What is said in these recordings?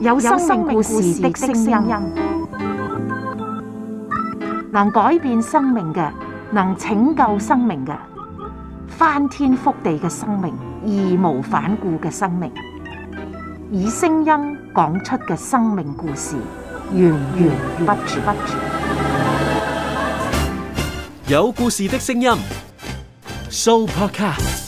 有生命故事的聲音，能改變生命嘅，能拯救生命嘅，翻天覆地嘅生命，義無反顧嘅生命，以聲音講出嘅生命故事，源源不絕。有故事的聲音，Soupercast。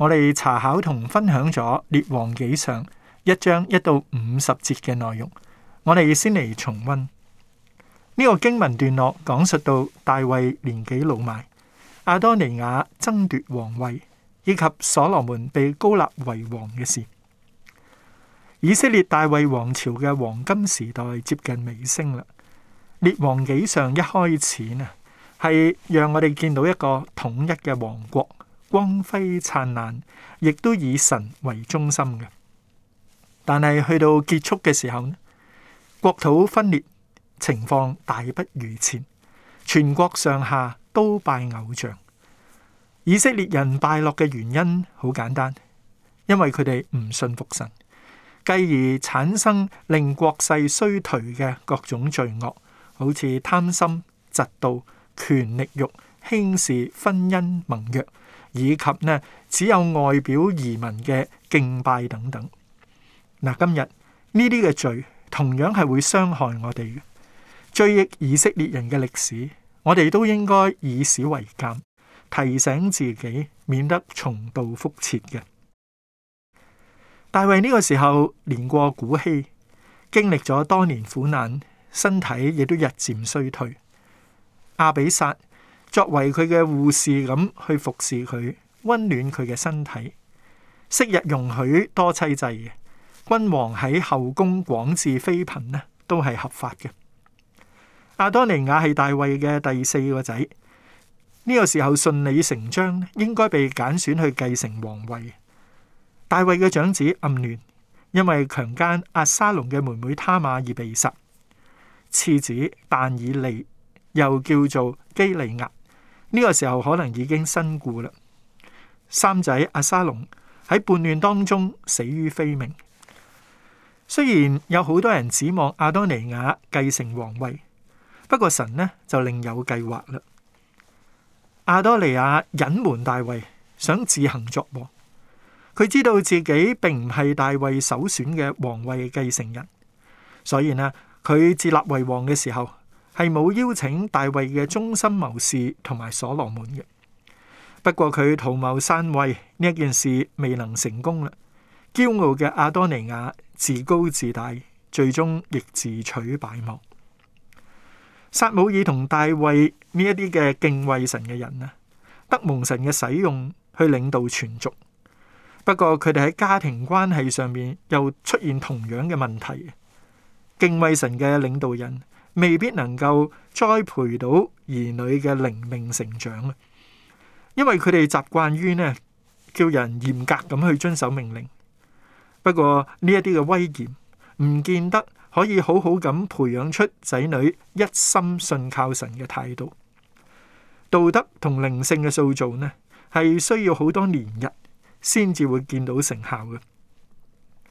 我哋查考同分享咗《列王紀》上一章一到五十節嘅內容，我哋先嚟重溫呢、這個經文段落，講述到大衛年紀老邁，亞多尼雅爭奪王位，以及所羅門被膏立為王嘅事。以色列大衛王朝嘅黃金時代接近尾聲啦，《列王紀》上一開始呢係讓我哋見到一個統一嘅王國。光輝燦爛，亦都以神為中心嘅。但係去到結束嘅時候呢，國土分裂，情況大不如前。全國上下都拜偶像。以色列人敗落嘅原因好簡單，因為佢哋唔信服神，繼而產生令國勢衰頹嘅各種罪惡，好似貪心、嫉妒、權力慾、輕視婚姻盟約。以及呢只有外表移民嘅敬拜等等，嗱，今日呢啲嘅罪同樣係會傷害我哋嘅。追憶以色列人嘅歷史，我哋都應該以史為鑑，提醒自己，免得重蹈覆轍嘅。大衛呢個時候，年過古稀，經歷咗多年苦難，身體亦都日漸衰退。亞比煞。作為佢嘅護士咁去服侍佢，溫暖佢嘅身體。昔日容許多妻制嘅君王喺後宮廣置妃嬪呢，都係合法嘅。阿多尼雅係大衛嘅第四個仔，呢個時候順理成章應該被揀選去繼承皇位。大衛嘅長子暗嫩，因為強姦阿沙龍嘅妹妹他瑪而被殺。次子但以利，又叫做基利押，呢個時候可能已經身故啦。三仔阿沙龍喺叛亂當中死於非命。雖然有好多人指望阿多尼雅繼承皇位，不過神呢就另有計劃啦。阿多尼雅隱瞞大衛，想自行作王。佢知道自己並唔係大衛首選嘅皇位繼承人，所以呢佢自立為王嘅時候。係冇邀請大衛嘅忠心謀士同埋所羅門嘅。不過佢圖謀篡位呢一件事未能成功啦。驕傲嘅亞多尼亞自高自大，最終亦自取敗亡。撒母耳同大衛呢一啲嘅敬畏神嘅人呢，得蒙神嘅使用去領導全族。不過佢哋喺家庭關係上面又出現同樣嘅問題。敬畏神嘅領導人，未必能夠栽培到兒女嘅靈命成長啊！因為佢哋習慣於呢，叫人嚴格咁去遵守命令。不過呢一啲嘅威嚴唔見得可以好好咁培養出仔女一心信靠神嘅態度。道德同靈性嘅塑造呢，係需要好多年日先至會見到成效嘅。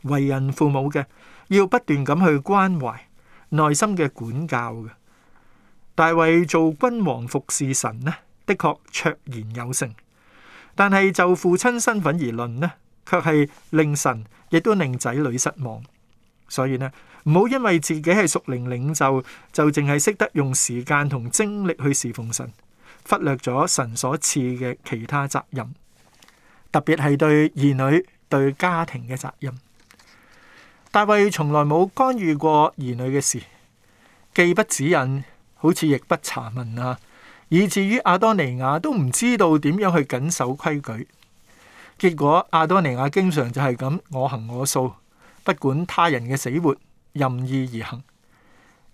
為人父母嘅要不斷咁去關懷。內心嘅管教嘅，大衛做君王服侍神呢，的確卓然有成。但係就父親身份而論呢，卻係令神亦都令仔女失望。所以呢，唔好因為自己係屬靈領袖，就淨係識得用時間同精力去侍奉神，忽略咗神所賜嘅其他責任，特別係對兒女、對家庭嘅責任。大衛從來冇干預過兒女嘅事，既不指引，好似亦不查問啊！以至於亞多尼亞都唔知道點樣去謹守規矩。結果亞多尼亞經常就係咁我行我素，不管他人嘅死活，任意而行。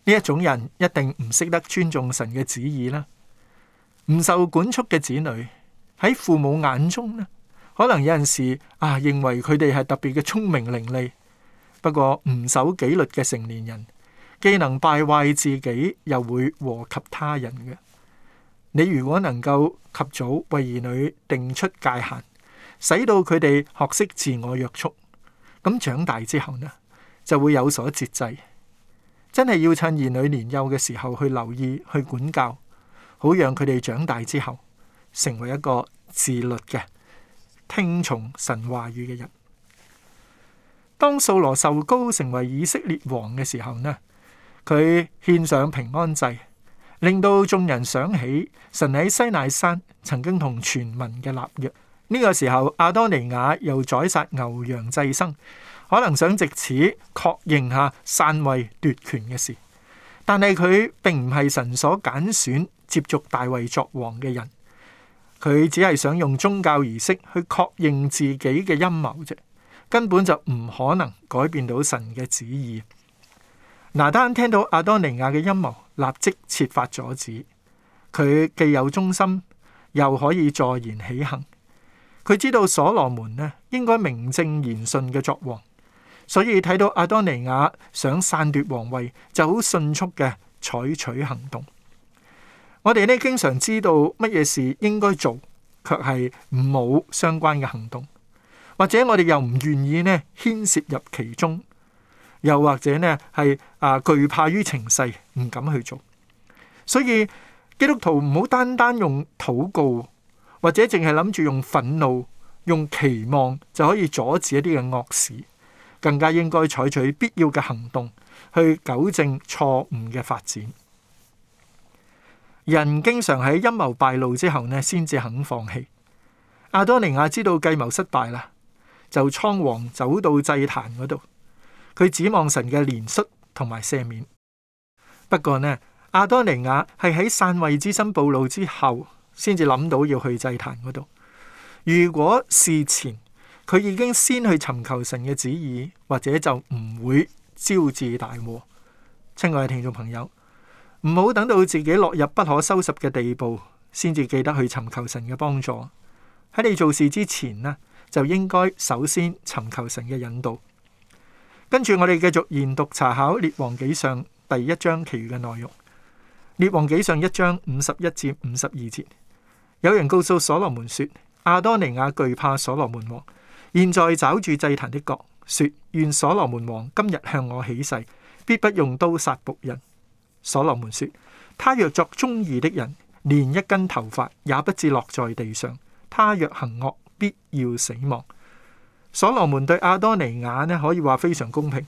呢一種人一定唔識得尊重神嘅旨意啦。唔受管束嘅子女喺父母眼中呢，可能有陣時啊，認為佢哋係特別嘅聰明伶俐。不過唔守紀律嘅成年人，既能敗壞自己，又會禍及他人嘅。你如果能夠及早為兒女定出界限，使到佢哋學識自我約束，咁長大之後呢，就會有所節制。真係要趁兒女年幼嘅時候去留意，去管教，好讓佢哋長大之後成為一個自律嘅、聽從神話語嘅人。當掃羅受膏成為以色列王嘅時候呢，佢獻上平安祭，令到眾人想起神喺西奈山曾經同全民嘅立約。呢、這個時候，亞多尼雅又宰殺牛羊祭牲，可能想借此確認下篡位奪權嘅事。但係佢並唔係神所揀選接續大衛作王嘅人，佢只係想用宗教儀式去確認自己嘅陰謀啫。根本就唔可能改變到神嘅旨意。拿單聽到阿多尼亞嘅陰謀，立即設法阻止。佢既有忠心，又可以助言起行。佢知道所羅門呢應該名正言順嘅作王，所以睇到阿多尼亞想篡奪皇位，就好迅速嘅採取行動。我哋呢經常知道乜嘢事應該做，卻係冇相關嘅行動。或者我哋又唔願意呢，牽涉入其中，又或者呢係啊懼怕於情勢，唔敢去做。所以基督徒唔好單單用禱告，或者淨係諗住用憤怒、用期望就可以阻止一啲嘅惡事，更加應該採取必要嘅行動去糾正錯誤嘅發展。人經常喺陰謀敗露之後呢，先至肯放棄。亞多尼亞知道計謀失敗啦，就倉皇走到祭壇嗰度，佢指望神嘅憐恤同埋赦免。不過呢，亞多尼雅係喺篡位之心暴露之後，先至諗到要去祭壇嗰度。如果事前佢已經先去尋求神嘅旨意，或者就唔會招致大禍。親愛嘅聽眾朋友，唔好等到自己落入不可收拾嘅地步，先至記得去尋求神嘅幫助。喺你做事之前呢，就應該首先尋求神嘅引導，跟住我哋繼續研讀查考列王紀上第一章其餘嘅內容。列王紀上一章五十一至五十二節，有人告訴所羅門說：亞多尼亞懼怕所羅門王，現在抓住祭壇的角，說：願所羅門王今日向我起誓，必不用刀殺僕人。所羅門說：他若作忠義的人，連一根頭髮也不至落在地上；他若行惡。必要死亡。所羅門對亞多尼雅呢，可以話非常公平。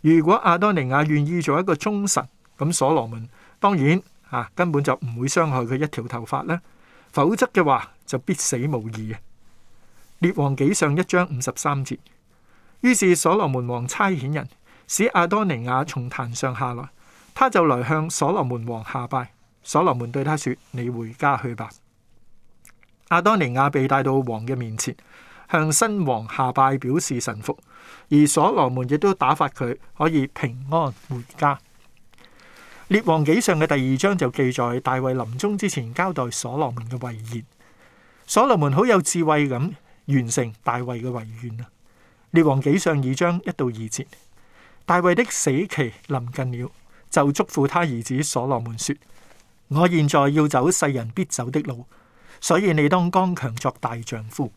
如果亞多尼雅願意做一個忠臣，咁所羅門當然吓、啊、根本就唔會傷害佢一條頭髮啦。否則嘅話就必死無疑。列王紀上一章五十三節。於是所羅門王差遣人使亞多尼雅從壇上下來，他就來向所羅門王下拜。所羅門對他說：你回家去吧。阿當尼亞被帶到王嘅面前，向新王下拜表示臣服，而所羅門亦都打發佢可以平安回家。列王紀上嘅第二章就記載大衛臨終之前交代所羅門嘅遺言，所羅門好有智慧咁完成大衛嘅遺願啊！列王紀上二章一到二節，大衛的死期臨近了，就囑咐他兒子所羅門說：我現在要走世人必走的路。所以你當剛強作大丈夫。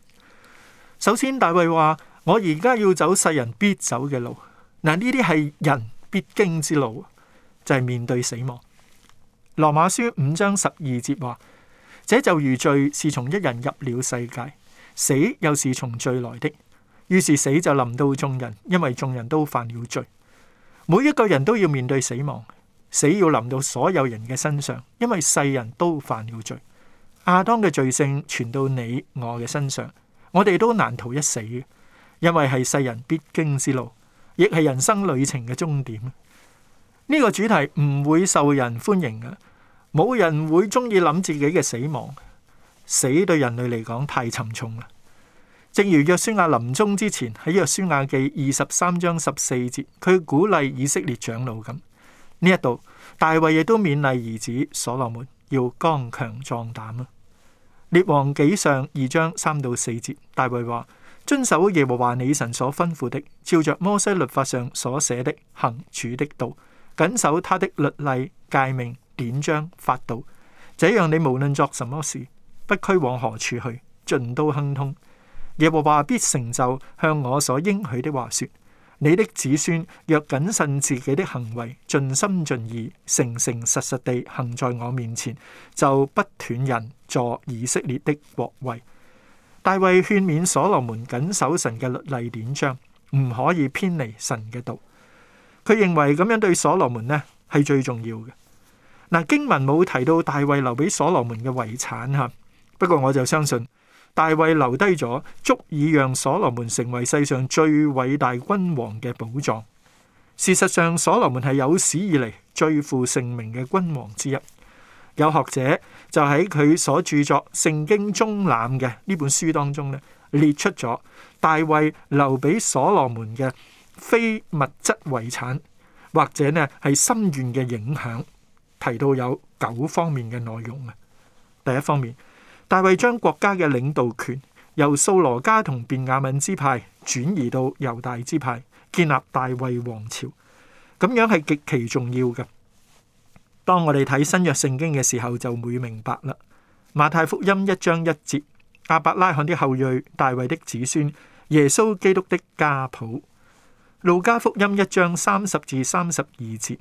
首先，大衛話：我而家要走世人必走嘅路。嗱，呢啲係人必經之路，就係面對死亡。羅馬書五章十二節話：這就如罪是從一人入了世界，死又是從罪來的。於是死就臨到眾人，因為眾人都犯了罪。每一個人都要面對死亡，死要臨到所有人嘅身上，因為世人都犯了罪。亞當嘅罪性傳到你我嘅身上，我哋都難逃一死，因為係世人必經之路，亦係人生旅程嘅終點。呢、這個主題唔會受人歡迎嘅，冇人會中意諗自己嘅死亡。死對人類嚟講太沉重啦。正如約書亞臨終之前喺約書亞記二十三章十四節，佢鼓勵以色列長老咁。呢一度大衛亦都勉勵兒子所羅門要剛強壯膽啦。列王紀上二章三到四節，大衛話，遵守耶和華你神所吩咐的，照着摩西律法上所寫的行主的道，謹守他的律例、誡命、典章、法度。這樣你無論作什麼事，不拘往何處去，盡都亨通。耶和華必成就向我所應許的話說。你的子孫若謹慎自己的行為，盡心盡意、誠誠實實地行在我面前，就不斷人坐以色列的國位。大衛勸勉所羅門謹守神嘅律例典章，唔可以偏離神嘅道。佢認為咁樣對所羅門呢係最重要嘅。嗱，經文冇提到大衛留俾所羅門嘅遺產吓，不過我就相信。大衛留低咗足以讓所羅門成為世上最偉大君王嘅寶藏。事實上，所羅門係有史以嚟最負盛名嘅君王之一。有學者就喺佢所著作《聖經中覽》嘅呢本書當中咧，列出咗大衛留俾所羅門嘅非物質遺產，或者呢係深遠嘅影響，提到有九方面嘅內容啊。第一方面。大衛將國家嘅領導權由掃羅家同便雅憫支派轉移到猶大支派，建立大衛王朝，咁樣係極其重要嘅。當我哋睇新約聖經嘅時候，就會明白啦。馬太福音一章一節，阿伯拉罕的後裔，大衛的子孫，耶穌基督的家譜。路加福音一章三十至三十二節，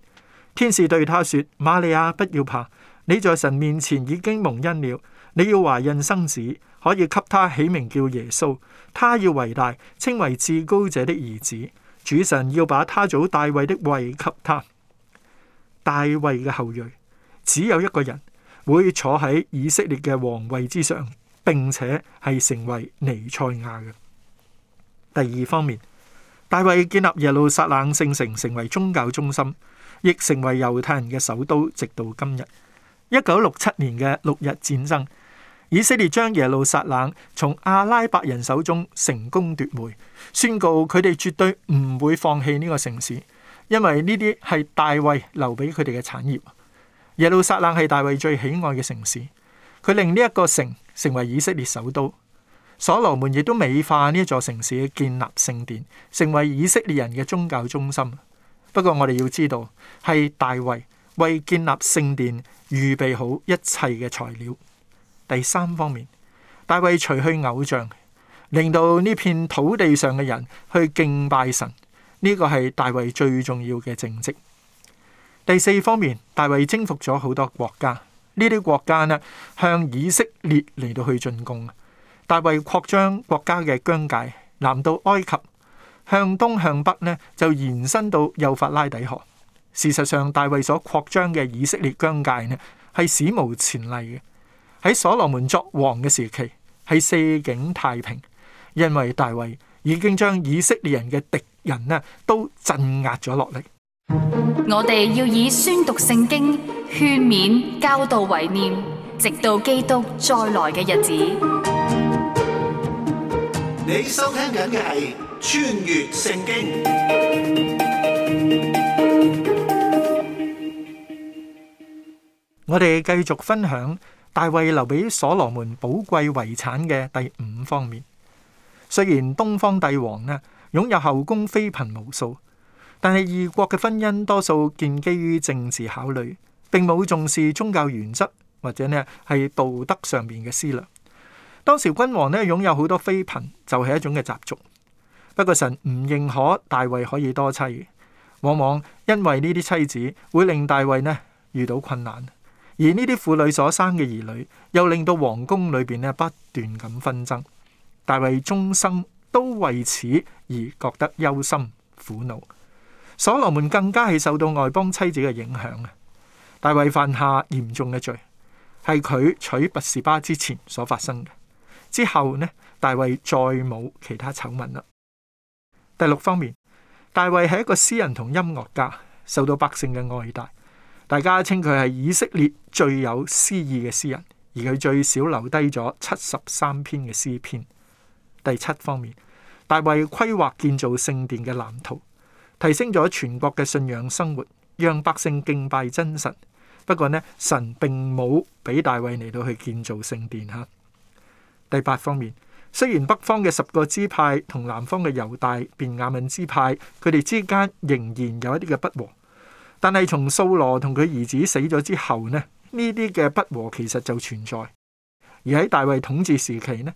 天使對他說：瑪利亞，不要怕，你在神面前已經蒙恩了。你要懷孕生子，可以給他起名叫耶穌。他要為大，稱為至高者的兒子。主神要把他祖大衛的位給他。大衛嘅後裔，只有一個人會坐喺以色列嘅皇位之上，並且係成為彌賽亞嘅。第二方面，大衛建立耶路撒冷聖城，成為宗教中心，亦成為猶太人嘅首都，直到今日。一九六七年嘅六日戰爭。以色列將耶路撒冷從阿拉伯人手中成功奪回，宣告佢哋絕對唔會放棄呢個城市，因為呢啲係大衛留俾佢哋嘅產業。耶路撒冷係大衛最喜愛嘅城市，佢令呢一個城成為以色列首都。所羅門亦都美化呢座城市嘅建立聖殿，成為以色列人嘅宗教中心。不過，我哋要知道係大衛為建立聖殿預備好一切嘅材料。第三方面，大衛除去偶像，令到呢片土地上嘅人去敬拜神，呢個係大衛最重要嘅政績。第四方面，大衛征服咗好多國家，呢啲國家呢向以色列嚟到去進攻，大衛擴張國家嘅疆界，南到埃及，向東向北呢就延伸到幼發拉底河。事實上，大衛所擴張嘅以色列疆界呢係史無前例嘅。喺所羅門作王嘅時期，係四境太平，因為大衛已經將以色列人嘅敵人呢都鎮壓咗落嚟。我哋要以宣讀聖經、勸勉、教導為念，直到基督再來嘅日子。你收聽緊嘅係穿越聖經，我哋繼續分享。大衛留俾所羅門寶貴遺產嘅第五方面，雖然東方帝王呢擁有後宮妃嬪無數，但係異國嘅婚姻多數建基於政治考慮，並冇重視宗教原則或者呢係道德上面嘅思量。當時君王呢擁有好多妃嬪就係、是、一種嘅習俗，不過神唔認可大衛可以多妻，往往因為呢啲妻子會令大衛呢遇到困難。而呢啲婦女所生嘅兒女，又令到皇宮裏邊咧不斷咁紛爭。大衛終生都為此而覺得憂心苦惱。所羅門更加係受到外邦妻子嘅影響啊！大衛犯下嚴重嘅罪，係佢娶拔士巴之前所發生嘅。之後呢，大衛再冇其他醜聞啦。第六方面，大衛係一個詩人同音樂家，受到百姓嘅愛戴。大家稱佢係以色列最有詩意嘅詩人，而佢最少留低咗七十三篇嘅詩篇。第七方面，大衛規劃建造聖殿嘅藍圖，提升咗全國嘅信仰生活，讓百姓敬拜真神。不過呢，神並冇俾大衛嚟到去建造聖殿吓。第八方面，雖然北方嘅十個支派同南方嘅猶大、便雅憫支派，佢哋之間仍然有一啲嘅不和。但係從掃羅同佢兒子死咗之後呢，呢啲嘅不和其實就存在。而喺大衛統治時期呢，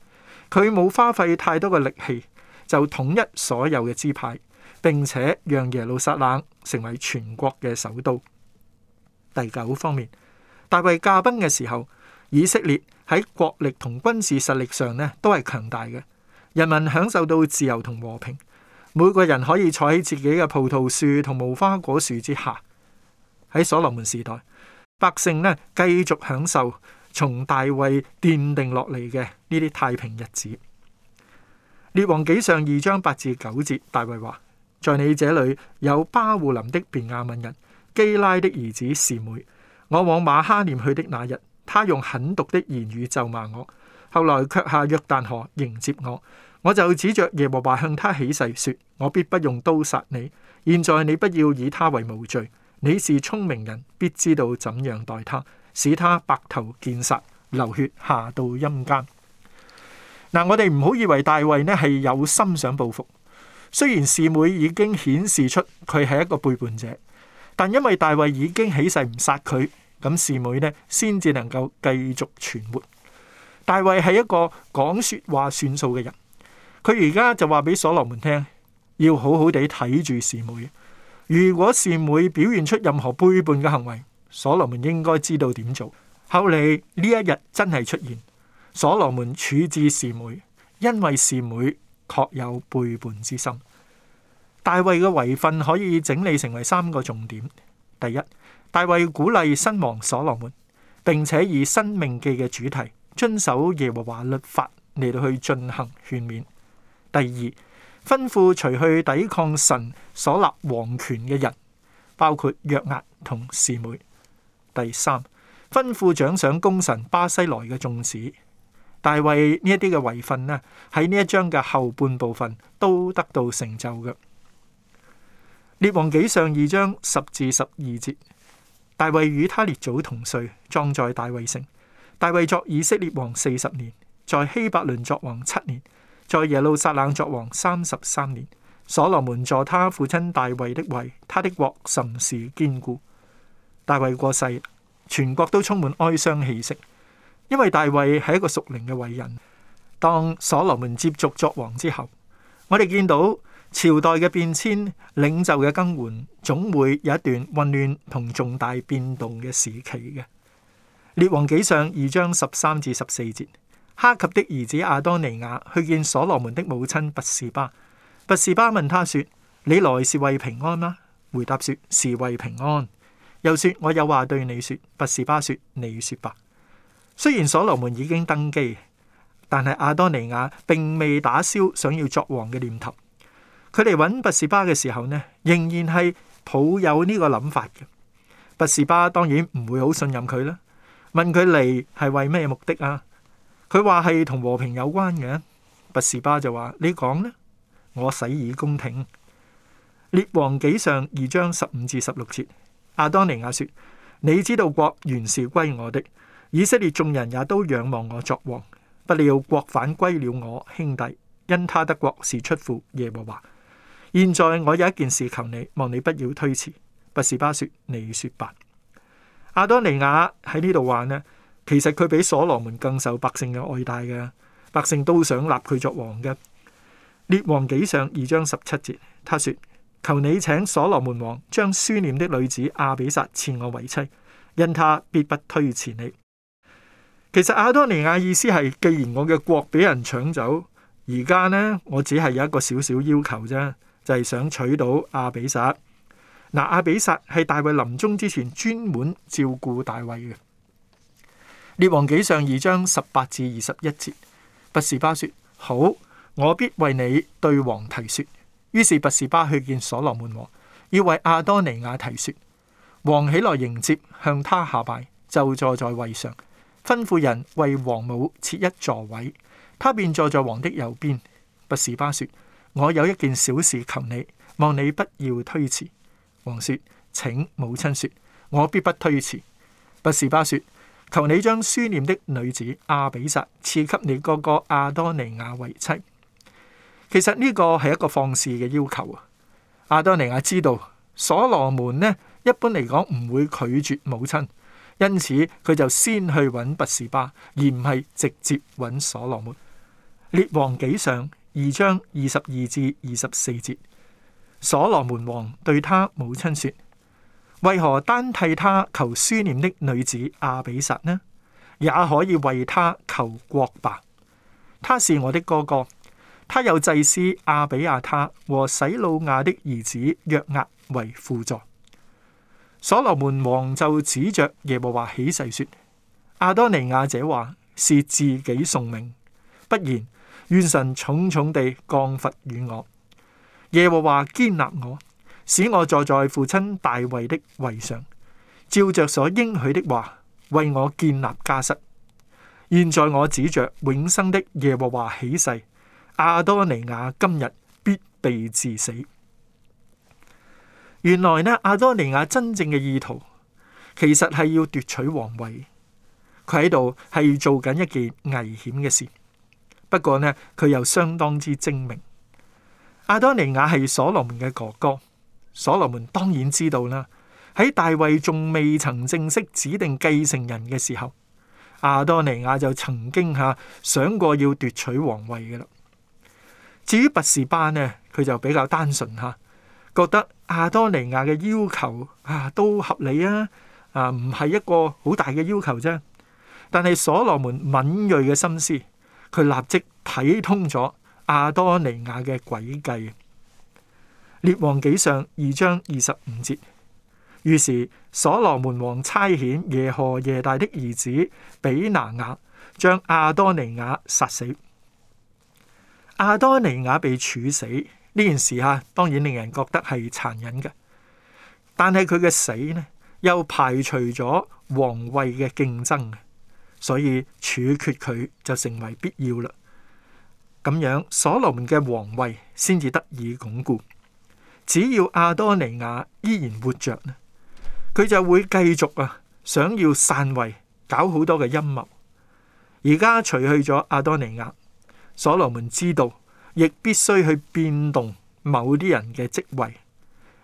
佢冇花費太多嘅力氣就統一所有嘅支派，並且讓耶路撒冷成為全國嘅首都。第九方面，大衛駕崩嘅時候，以色列喺國力同軍事實力上呢都係強大嘅，人民享受到自由同和平，每個人可以坐喺自己嘅葡萄樹同無花果樹之下。喺所羅門時代，百姓咧繼續享受從大衛奠定落嚟嘅呢啲太平日子。列王紀上二章八至九節，大衛話：在你這裏有巴戶林的便雅憫人基拉的兒子示每，我往瑪哈念去的那日，他用狠毒的言語咒罵我，後來卻下約旦河迎接我。我就指着耶和華向他起誓說，說我必不用刀殺你。現在你不要以他為無罪。你是聰明人，必知道怎樣待他，使他白頭見殺，流血下到陰間。嗱，我哋唔好以為大衛呢係有心想報復，雖然示每已經顯示出佢係一個背叛者，但因為大衛已經起誓唔殺佢，咁示每呢先至能夠繼續存活。大衛係一個講說話算數嘅人，佢而家就話俾所羅門聽，要好好地睇住示每。如果善妹表現出任何背叛嘅行為，所羅門應該知道點做。後嚟呢一日真係出現，所羅門處置善妹，因為善妹確有背叛之心。大衛嘅遺訓可以整理成為三個重點：第一，大衛鼓勵新王所羅門，並且以申命記嘅主題遵守耶和華律法嚟到去進行勸勉；第二，吩咐除去抵抗神，所立王權嘅人，包括約押同示每。第三，吩咐掌賞功臣巴西萊嘅眾子。大衛呢一啲嘅遺訓呢，喺呢一章嘅後半部分都得到成就嘅。列王紀上二章十至十二節，大衛與他列祖同睡，葬在大衛城。大衛作以色列王四十年，在希伯倫作王七年，在耶路撒冷作王三十三年。所羅門助他父親大衛的位，他的國甚是堅固。大衛過世，全國都充滿哀傷氣息，因為大衛係一個屬靈嘅偉人。當所羅門接續作王之後，我哋見到朝代嘅變遷、領袖嘅更換，總會有一段混亂同重大變動嘅時期嘅。列王紀上二章十三至十四節，哈及的兒子亞多尼亞去見所羅門的母親拔士巴。拔士巴問他說：你來是為平安嗎？回答說是為平安。又說我有話對你說。拔士巴說：你說吧。雖然所羅門已經登基，但係亞多尼亞並未打消想要作王嘅念頭。佢嚟搵拔士巴嘅時候呢，仍然係抱有呢個諗法嘅。拔士巴當然唔會好信任佢啦。問佢嚟係為咩目的啊？佢話係同和平有關嘅。拔士巴就話：你講呢。」我洗耳恭聽。列王紀上二章十五至十六節，亞當尼亞說：你知道國原是歸我的，以色列眾人也都仰望我作王。不料國反歸了我兄弟，因他得國是出乎耶和華。現在我有一件事求你，望你不要推遲。拔示巴說，你說吧。亞當尼亞喺呢度話呢，其實佢比所羅門更受百姓嘅愛戴嘅，百姓都想立佢作王嘅。列王紀上二章十七節，他說：求你請所羅門王將書念的女子阿比殺賜我為妻，因他必不推辭你。其實亞多尼亞意思係，既然我嘅國俾人搶走，而家呢，我只係有一個小小要求啫，就係、是、想娶到阿比殺。嗱、啊，阿比殺係大衛臨終之前專門照顧大衛嘅。列王紀上二章十八至二十一節，拔示巴說好。我必為你對王提說。於是拔士巴去見所羅門王，要為亞多尼亞提說。王起來迎接，向他下拜，就坐在位上，吩咐人為王母設一座位。他便坐在王的右邊。拔士巴說：我有一件小事求你，望你不要推辭。王說：請母親說，我必不推辭。拔士巴說：求你將書念的女子阿比薩賜給你哥哥亞多尼亞為妻。其實呢個係一個放肆嘅要求啊！亞多尼亞知道所羅門呢，一般嚟講唔會拒絕母親，因此佢就先去揾拔示巴，而唔係直接揾所羅門。列王紀上二章二十二至二十四節，所羅門王對他母親說：為何單替他求書念的女子亞比煞呢？也可以為他求國吧。他是我的哥哥。他有祭司亞比亞他和洗魯亞的兒子約押為輔助。所羅門王就指着耶和華起誓說：亞多尼亞，這話是自己送命，不然願神重重地降罰與我。耶和華堅立我，使我坐在父親大衛的位上，照着所應許的話為我建立家室。現在我指着永生的耶和華起誓。亞多尼亞今日必被致死。原來呢，亞多尼亞真正嘅意圖，其實係要奪取皇位。佢喺度係做緊一件危險嘅事，不過呢，佢又相當之精明。亞多尼亞係所羅門嘅哥哥，所羅門當然知道啦。喺大衛仲未曾正式指定繼承人嘅時候，亞多尼亞就曾經吓想過要奪取皇位嘅啦。至於拔士班呢，佢就比較單純吓，覺得亞多尼亞嘅要求啊都合理啊，啊唔係一個好大嘅要求啫。但係所羅門敏銳嘅心思，佢立即睇通咗亞多尼亞嘅詭計。列王紀上二章二十五節，於是所羅門王差遣耶何耶大的兒子比拿雅，將亞多尼亞殺死。阿多尼雅被處死呢件事吓、啊，當然令人覺得係殘忍嘅。但係佢嘅死呢，又排除咗皇位嘅競爭，所以處決佢就成為必要啦。咁樣所羅門嘅皇位先至得以鞏固。只要阿多尼雅依然活着，佢就會繼續啊，想要篡位，搞好多嘅陰謀。而家除去咗阿多尼雅。所羅門知道，亦必須去變動某啲人嘅職位，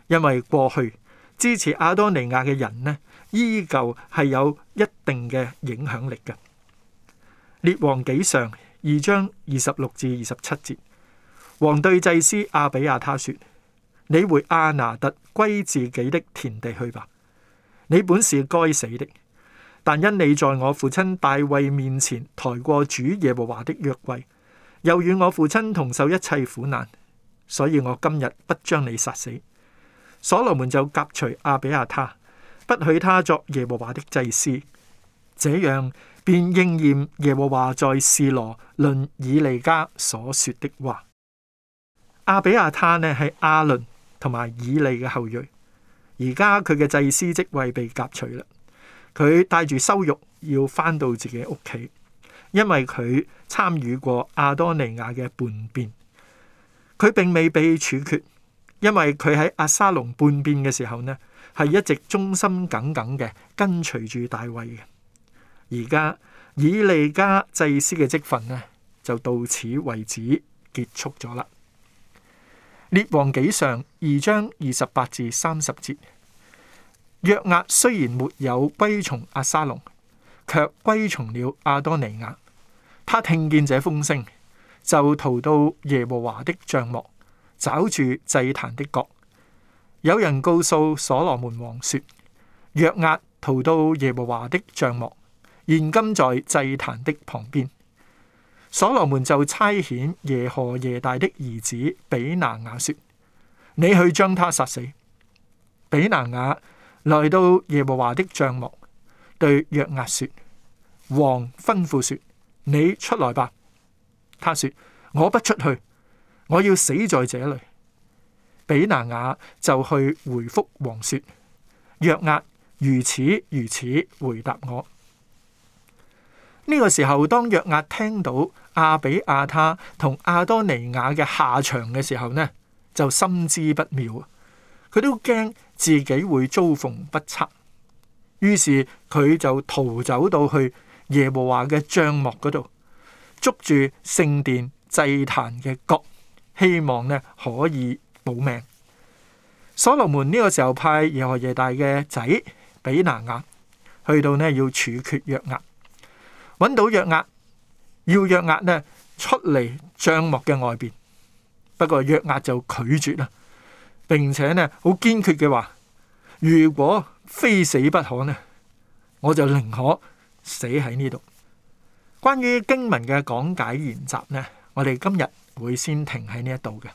因為過去支持亞多尼亞嘅人呢，依舊係有一定嘅影響力嘅。列王紀上二章二十六至二十七節，王對祭司亞比亞他說：你回阿拿特歸自己的田地去吧。你本是該死的，但因你在我父親大衛面前抬過主耶和華的約櫃。又與我父親同受一切苦難，所以我今日不將你殺死。所羅門就革除亞比亞他，不許他作耶和華的祭司，這樣便應驗耶和華在示羅論以利家所說的話。亞比亞他呢係亞倫同埋以利嘅後裔，而家佢嘅祭司職位被革除啦，佢帶住羞辱要翻到自己屋企。因為佢參與過亞多尼亞嘅叛變，佢並未被處決，因為佢喺阿沙龍叛變嘅時候呢，係一直忠心耿耿嘅跟隨住大衛嘅。而家以利家祭司嘅職份呢，就到此為止結束咗啦。列王紀上二章二十八至三十節，約押雖然沒有歸從阿沙龍，卻歸從了亞多尼雅。他聽見這風聲，就逃到耶和華的帳幕，抓住祭壇的角。有人告訴所羅門王說：約押逃到耶和華的帳幕，現今在祭壇的旁邊。所羅門就差遣耶何耶大的兒子比拿雅說：你去將他殺死。比拿雅來到耶和華的帳幕。對約押說：王吩咐說，你出來吧。他說：我不出去，我要死在這裏。比拿雅就去回復王說：約押如此如此回答我。呢、這個時候，當約押聽到亞比亞他同亞多尼雅嘅下場嘅時候呢，就心知不妙！佢都驚自己會遭逢不測。於是佢就逃走到去耶和華嘅帳幕嗰度，捉住聖殿祭壇嘅角，希望呢可以保命。所羅門呢個時候派耶和耶大嘅仔比拿雅去到呢要處決約押，搵到約押，要約押呢出嚟帳幕嘅外面，不過約押就拒絕啦，並且呢好堅決嘅話，如果。非死不可呢，我就寧可死喺呢度。關於經文嘅講解研習呢，我哋今日會先停喺呢一度嘅。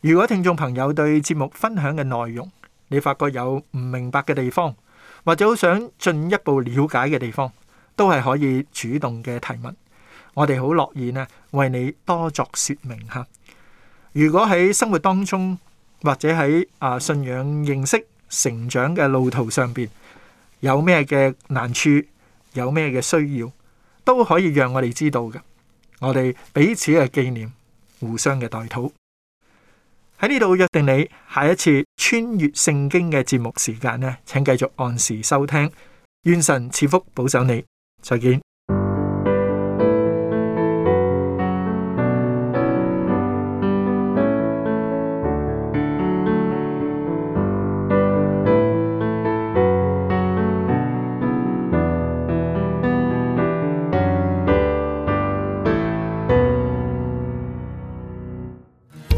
如果聽眾朋友對節目分享嘅內容，你發覺有唔明白嘅地方，或者好想進一步了解嘅地方，都係可以主動嘅提問。我哋好樂意呢，為你多作說明吓。如果喺生活當中，或者喺啊信仰認識。成長嘅路途上面有咩嘅難處，有咩嘅需要，都可以讓我哋知道嘅。我哋彼此嘅紀念，互相嘅代禱，喺呢度約定你下一次穿越聖經嘅節目時間呢，請繼續按時收聽。願神賜福保守你，再見。